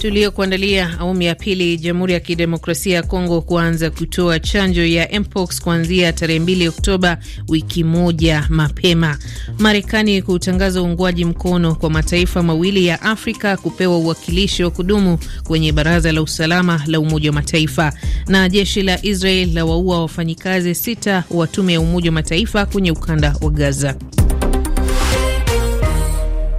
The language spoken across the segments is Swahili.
Tuliyokuandalia awamu ya pili. Jamhuri ya Kidemokrasia ya Kongo kuanza kutoa chanjo ya mpox kuanzia tarehe mbili Oktoba, wiki moja mapema. Marekani kutangaza uungwaji mkono kwa mataifa mawili ya Afrika kupewa uwakilishi wa kudumu kwenye Baraza la Usalama la Umoja wa Mataifa. Na jeshi la Israel la waua wafanyikazi sita wa tume ya Umoja wa Mataifa kwenye ukanda wa Gaza.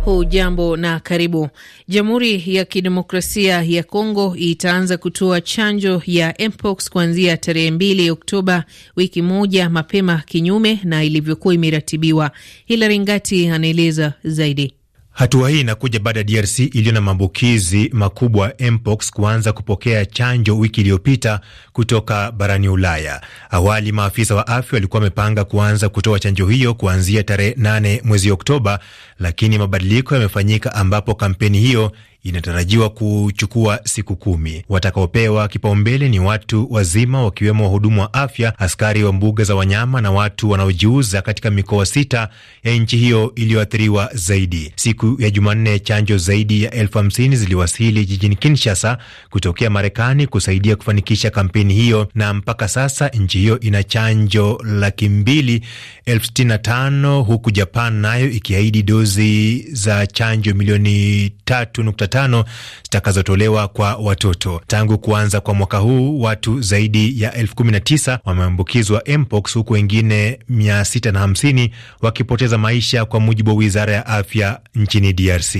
Hujambo na karibu. Jamhuri ya Kidemokrasia ya Kongo itaanza kutoa chanjo ya mpox kuanzia tarehe mbili Oktoba, wiki moja mapema, kinyume na ilivyokuwa imeratibiwa. Hilari Ngati anaeleza zaidi. Hatua hii inakuja baada ya DRC iliyo na maambukizi makubwa mpox kuanza kupokea chanjo wiki iliyopita kutoka barani Ulaya. Awali maafisa wa afya walikuwa wamepanga kuanza kutoa chanjo hiyo kuanzia tarehe 8 mwezi Oktoba, lakini mabadiliko yamefanyika ambapo kampeni hiyo inatarajiwa kuchukua siku kumi. Watakaopewa kipaumbele ni watu wazima, wakiwemo wahudumu wa afya, askari wa mbuga za wanyama na watu wanaojiuza katika mikoa sita ya nchi hiyo iliyoathiriwa zaidi. Siku ya Jumanne, chanjo zaidi ya elfu hamsini ziliwasili jijini Kinshasa kutokea Marekani kusaidia kufanikisha kampeni hiyo, na mpaka sasa nchi hiyo ina chanjo laki mbili elfu sitini na tano huku Japan nayo ikiahidi dozi za chanjo milioni tatu nukta tano zitakazotolewa kwa watoto. Tangu kuanza kwa mwaka huu watu zaidi ya elfu 19 wameambukizwa mpox huku wengine 650 wakipoteza maisha, kwa mujibu wa wizara ya afya nchini DRC.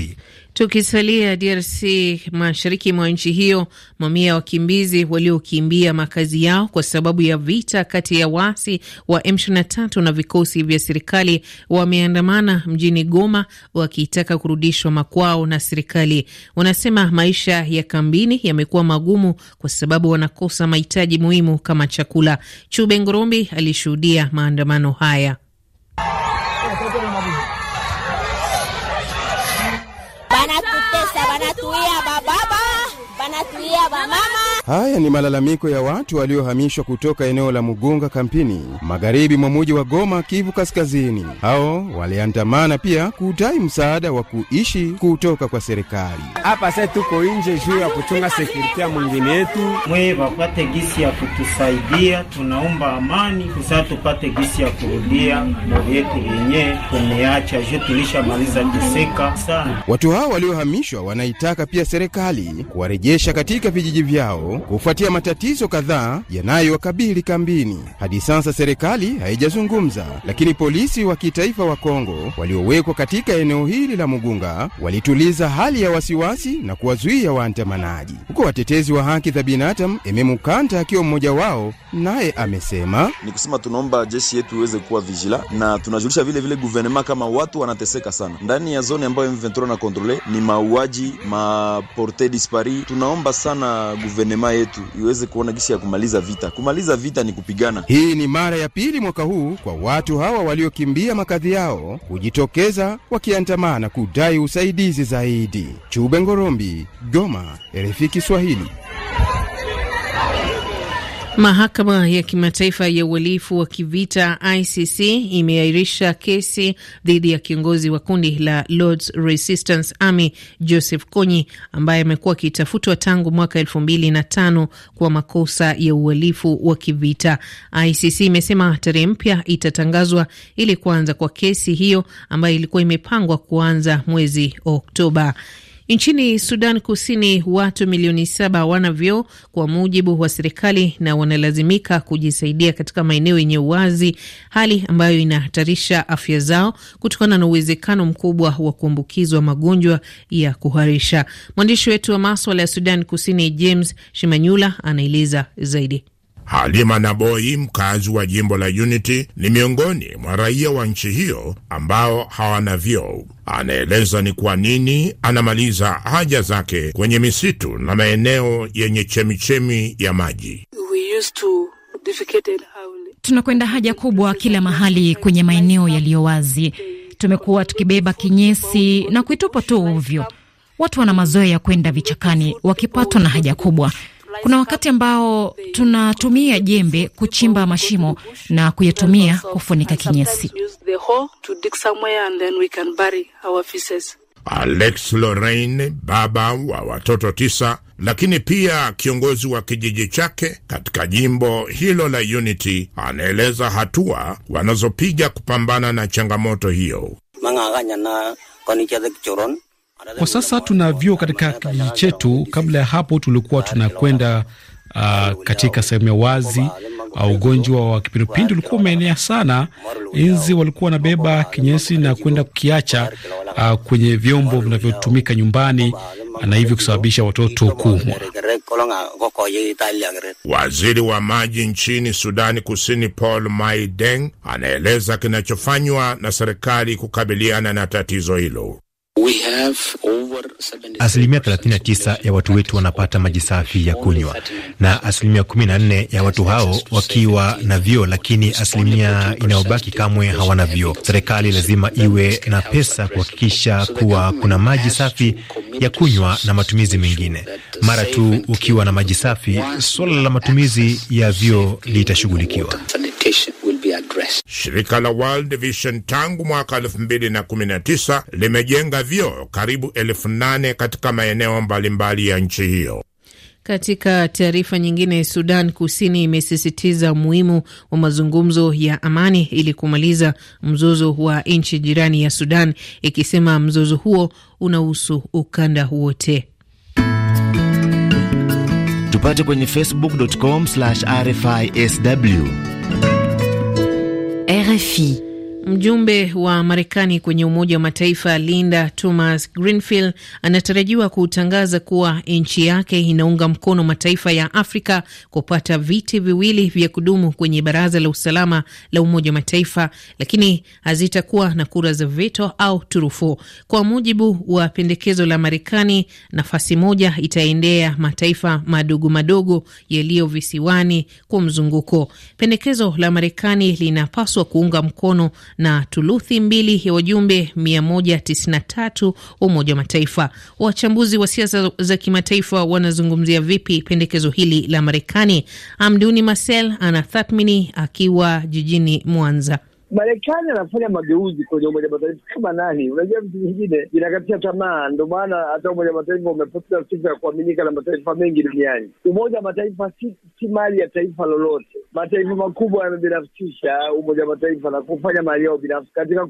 Tukisalia DRC, mashariki mwa nchi hiyo, mamia ya wakimbizi waliokimbia makazi yao kwa sababu ya vita kati ya waasi wa M23 na vikosi vya serikali wameandamana mjini Goma wakitaka kurudishwa makwao na serikali. Wanasema maisha ya kambini yamekuwa magumu kwa sababu wanakosa mahitaji muhimu kama chakula. Chube Ngorombi alishuhudia maandamano haya. ¡Vamos! mamá. Haya ni malalamiko ya watu waliohamishwa kutoka eneo la Mugunga kampini magharibi mwa muji wa Goma, Kivu Kaskazini. Hao waliandamana pia kutai msaada wa kuishi kutoka kwa serikali. Hapa se tuko nje juu ya kuchunga sekurite ya mwingine yetu, mwe wapate gisi ya kutusaidia. Tunaomba amani kusaa tupate gisi ya kurudia mali yetu yenyewe tumeacha juu tulishamaliza kuseka sana. Watu hao waliohamishwa wanaitaka pia serikali kuwarejesha katika vijiji vyao kufuatia matatizo kadhaa yanayowakabili kambini. Hadi sasa serikali haijazungumza, lakini polisi wa kitaifa wa Kongo waliowekwa katika eneo hili la Mugunga walituliza hali ya wasiwasi na kuwazuia waandamanaji, huko watetezi wa haki za binadamu Ememukanta akiwa mmoja wao, naye amesema ni kusema, tunaomba jeshi yetu iweze kuwa vigila na tunajulisha vile vile guvernema kama watu wanateseka sana ndani ya zone ambayo M23 na kontrole, ni mauaji maporte dispari. Tunaomba sana guvernema jamaa yetu iweze kuona gisi ya kumaliza vita. Kumaliza vita ni kupigana. Hii ni mara ya pili mwaka huu kwa watu hawa waliokimbia makazi yao kujitokeza wakiandamana kudai usaidizi zaidi. Chube Ngorombi, Goma, RFI Kiswahili. Mahakama ya Kimataifa ya Uhalifu wa Kivita ICC imeahirisha kesi dhidi ya kiongozi wa kundi la Lords Resistance Army Joseph Kony ambaye amekuwa akitafutwa tangu mwaka elfu mbili na tano kwa makosa ya uhalifu wa kivita. ICC imesema tarehe mpya itatangazwa ili kuanza kwa kesi hiyo ambayo ilikuwa imepangwa kuanza mwezi Oktoba. Nchini Sudan Kusini, watu milioni saba hawana vyoo kwa mujibu wa serikali na wanalazimika kujisaidia katika maeneo yenye uwazi, hali ambayo inahatarisha afya zao kutokana na uwezekano mkubwa wa kuambukizwa magonjwa ya kuharisha. Mwandishi wetu wa maswala ya Sudan Kusini, James Shimanyula, anaeleza zaidi. Halima Naboi, mkazi wa jimbo la Unity, ni miongoni mwa raia wa nchi hiyo ambao hawana vyoo. Anaeleza ni kwa nini anamaliza haja zake kwenye misitu na maeneo yenye chemichemi ya maji. Tunakwenda haja kubwa kila mahali kwenye maeneo yaliyo wazi. Tumekuwa tukibeba kinyesi na kuitupa tu ovyo. Watu wana mazoea ya kwenda vichakani wakipatwa na haja kubwa. Kuna wakati ambao tunatumia jembe kuchimba mashimo na kuyatumia kufunika kinyesi. Alex Lorraine, baba wa watoto tisa, lakini pia kiongozi wa kijiji chake katika jimbo hilo la Unity, anaeleza hatua wanazopiga kupambana na changamoto hiyo. Kwa sasa tuna vyuo katika kijiji chetu. Kabla ya hapo tulikuwa tunakwenda uh, katika sehemu ya wazi. Uh, ugonjwa wa kipindupindu ulikuwa umeenea sana. Nzi walikuwa wanabeba kinyesi na kwenda kukiacha uh, kwenye vyombo vinavyotumika nyumbani uh, na hivyo kusababisha watoto kuumwa. Waziri wa maji nchini Sudani Kusini Paul Maideng, anaeleza kinachofanywa na serikali kukabiliana na tatizo hilo. Asilimia 39 ya watu wetu wanapata maji safi ya kunywa na asilimia 14 ya watu hao wakiwa na vyoo, lakini asilimia inayobaki kamwe hawana vyoo. Serikali lazima iwe na pesa kuhakikisha kuwa kuna maji safi ya kunywa na matumizi mengine. Mara tu ukiwa na maji safi, suala la matumizi ya vyoo litashughulikiwa addressed. Shirika la World Vision tangu mwaka 2019 limejenga vyoo karibu elfu katika maeneo mbalimbali ya nchi hiyo. Katika taarifa nyingine, Sudan Kusini imesisitiza umuhimu wa mazungumzo ya amani ili kumaliza mzozo wa nchi jirani ya Sudan, ikisema mzozo huo unahusu ukanda wote. Tupate kwenye facebook.com/rfisw RFI Mjumbe wa Marekani kwenye Umoja wa Mataifa Linda Thomas Greenfield anatarajiwa kutangaza kuwa nchi yake inaunga mkono mataifa ya Afrika kupata viti viwili vya kudumu kwenye Baraza la Usalama la Umoja wa Mataifa, lakini hazitakuwa na kura za veto au turufu. Kwa mujibu wa pendekezo la Marekani, nafasi moja itaendea mataifa madogo madogo yaliyo visiwani kwa mzunguko. Pendekezo la Marekani linapaswa kuunga mkono na tuluthi mbili ya wajumbe 193 wa Umoja wa Mataifa. Wachambuzi wa siasa za kimataifa wanazungumzia vipi pendekezo hili la Marekani? Amduni Marcel anatathmini akiwa jijini Mwanza. Marekani anafanya mageuzi kwenye Umoja Mataifa kama nani? Unajua, vitu vingine vinakatia tamaa. Ndo maana hata Umoja wa Mataifa umepoteza sifa ya kuaminika na mataifa mengi duniani. Umoja wa Mataifa si, si mali ya taifa lolote. Mataifa makubwa yamebinafsisha Umoja wa Mataifa na kufanya mali yao binafsi katika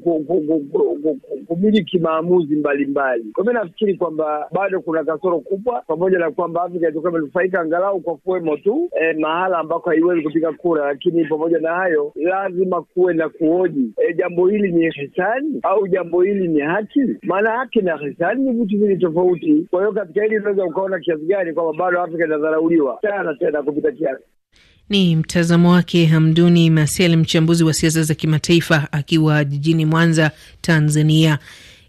kumiliki maamuzi mbalimbali. Kwa mi nafikiri kwamba bado kuna kasoro kubwa, pamoja na kwamba Afrika itakuwa imenufaika angalau kwa kuwemo tu eh, mahala ambako haiwezi kupiga kura, lakini pamoja na hayo lazima kuwe na kuwe kuhoji e, eh, jambo hili ni hisani au jambo hili ni haki? Maana haki na hisani ni vitu vili tofauti. Kwa hiyo katika hili unaweza ukaona kiasi gani kwamba bado Afrika inadharauliwa sana tena kupita kiasi. Ni mtazamo wake Hamduni Masel, mchambuzi wa siasa za kimataifa akiwa jijini Mwanza, Tanzania.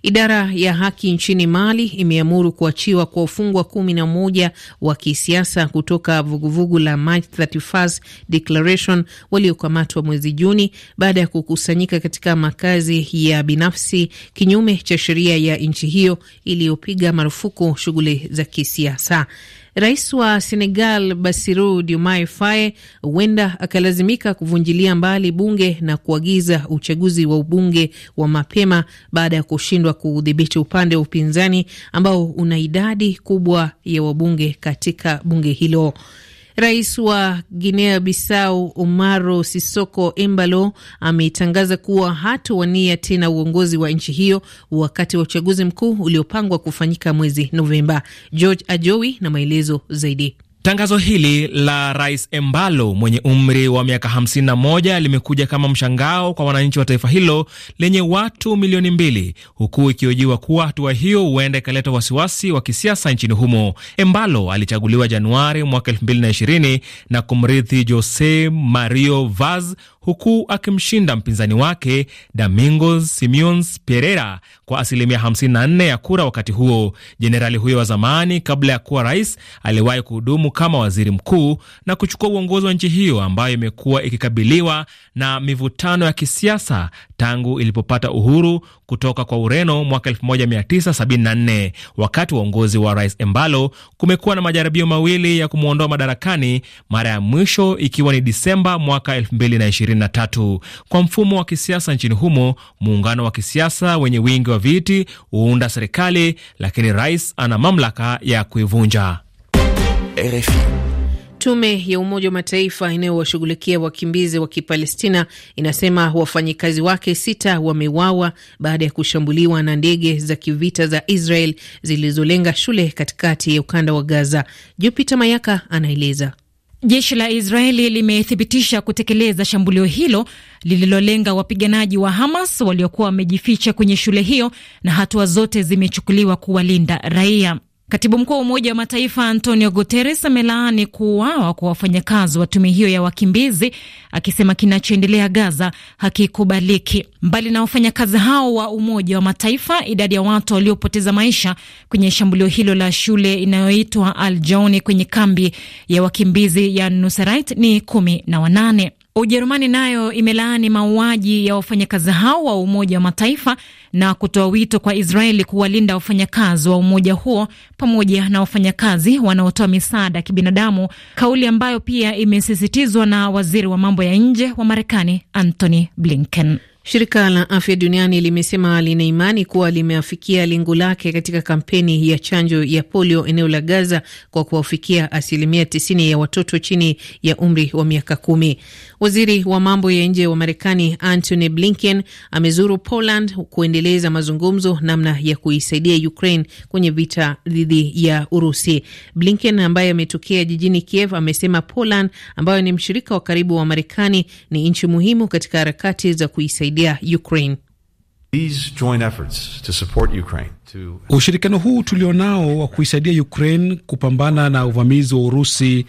Idara ya haki nchini Mali imeamuru kuachiwa kwa wafungwa kumi na moja wa kisiasa kutoka vuguvugu la March 31 Declaration waliokamatwa mwezi Juni baada ya kukusanyika katika makazi ya binafsi kinyume cha sheria ya nchi hiyo iliyopiga marufuku shughuli za kisiasa. Rais wa Senegal Bassirou Diomaye Faye huenda akalazimika kuvunjilia mbali bunge na kuagiza uchaguzi wa ubunge wa mapema baada ya kushindwa kudhibiti upande wa upinzani ambao una idadi kubwa ya wabunge katika bunge hilo. Rais wa Guinea Bissau Umaro Sisoko Embalo ametangaza kuwa hatowania tena uongozi wa nchi hiyo wakati wa uchaguzi mkuu uliopangwa kufanyika mwezi Novemba. George Ajowi na maelezo zaidi. Tangazo hili la Rais Embalo mwenye umri wa miaka 51 limekuja kama mshangao kwa wananchi wa taifa hilo lenye watu milioni mbili, huku ikiojiwa kuwa hatua hiyo huenda ikaleta wasiwasi wa kisiasa nchini humo. Embalo alichaguliwa Januari mwaka 2020 na kumrithi Jose Mario Vaz huku akimshinda mpinzani wake Domingos simons Pereira kwa asilimia 54 ya kura wakati huo. Jenerali huyo wa zamani, kabla ya kuwa rais, aliwahi kuhudumu kama waziri mkuu na kuchukua uongozi wa nchi hiyo ambayo imekuwa ikikabiliwa na mivutano ya kisiasa tangu ilipopata uhuru kutoka kwa Ureno mwaka 1974. Wakati wa uongozi wa rais Embalo kumekuwa na majaribio mawili ya kumwondoa madarakani, mara ya mwisho ikiwa ni Disemba mwaka 2020. Kwa mfumo wa kisiasa nchini humo, muungano wa kisiasa wenye wingi wa viti huunda serikali, lakini rais ana mamlaka ya kuivunja. Tume ya Umoja wa Mataifa inayowashughulikia wakimbizi wa Kipalestina inasema wafanyikazi wake sita wameuawa baada ya kushambuliwa na ndege za kivita za Israel zilizolenga shule katikati ya ukanda wa Gaza. jupite Mayaka anaeleza. Jeshi la Israeli limethibitisha kutekeleza shambulio hilo lililolenga wapiganaji wa Hamas waliokuwa wamejificha kwenye shule hiyo na hatua zote zimechukuliwa kuwalinda raia. Katibu mkuu wa Umoja wa Mataifa Antonio Guterres amelaani kuuawa kwa wafanyakazi wa tume hiyo ya wakimbizi, akisema kinachoendelea Gaza hakikubaliki. Mbali na wafanyakazi hao wa Umoja wa Mataifa, idadi ya watu waliopoteza maisha kwenye shambulio hilo la shule inayoitwa Al Jauni kwenye kambi ya wakimbizi ya Nusairat ni kumi na wanane. Ujerumani nayo imelaani mauaji ya wafanyakazi hao wa Umoja wa Mataifa na kutoa wito kwa Israeli kuwalinda wafanyakazi wa umoja huo pamoja na wafanyakazi wanaotoa misaada ya kibinadamu, kauli ambayo pia imesisitizwa na waziri wa mambo ya nje wa Marekani Antony Blinken. Shirika la Afya Duniani limesema lina imani kuwa limeafikia lengo lake katika kampeni ya chanjo ya polio eneo la Gaza kwa kuwafikia asilimia tisini ya watoto chini ya umri wa miaka kumi. Waziri wa mambo ya nje wa Marekani Antony Blinken amezuru Poland kuendeleza mazungumzo namna ya kuisaidia Ukraine kwenye vita dhidi ya Urusi. Blinken ambaye ametokea jijini Kiev amesema Poland ambayo ni mshirika wa karibu wa Marekani ni nchi muhimu katika harakati za kuisaidia kuisaidia Ukraine. Ushirikiano huu tulionao wa kuisaidia Ukraine kupambana na uvamizi wa Urusi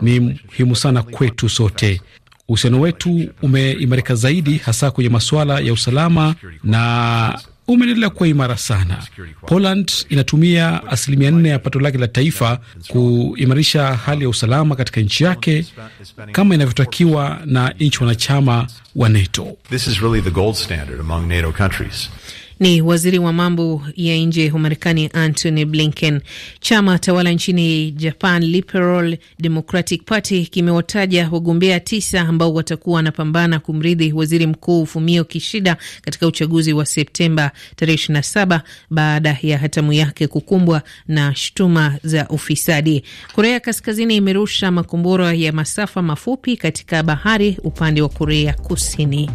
ni muhimu sana kwetu sote. Uhusiano wetu umeimarika zaidi, hasa kwenye masuala ya usalama na umeendelea kuwa imara sana. Poland inatumia asilimia nne ya pato lake la taifa kuimarisha hali ya usalama katika nchi yake kama inavyotakiwa na nchi wanachama wa NATO. Ni waziri wa mambo ya nje wa Marekani Antony Blinken. Chama tawala nchini Japan, Liberal Democratic Party, kimewataja wagombea tisa ambao watakuwa wanapambana kumrithi waziri mkuu Fumio Kishida katika uchaguzi wa Septemba 27 baada ya hatamu yake kukumbwa na shutuma za ufisadi. Korea Kaskazini imerusha makombora ya masafa mafupi katika bahari upande wa Korea Kusini.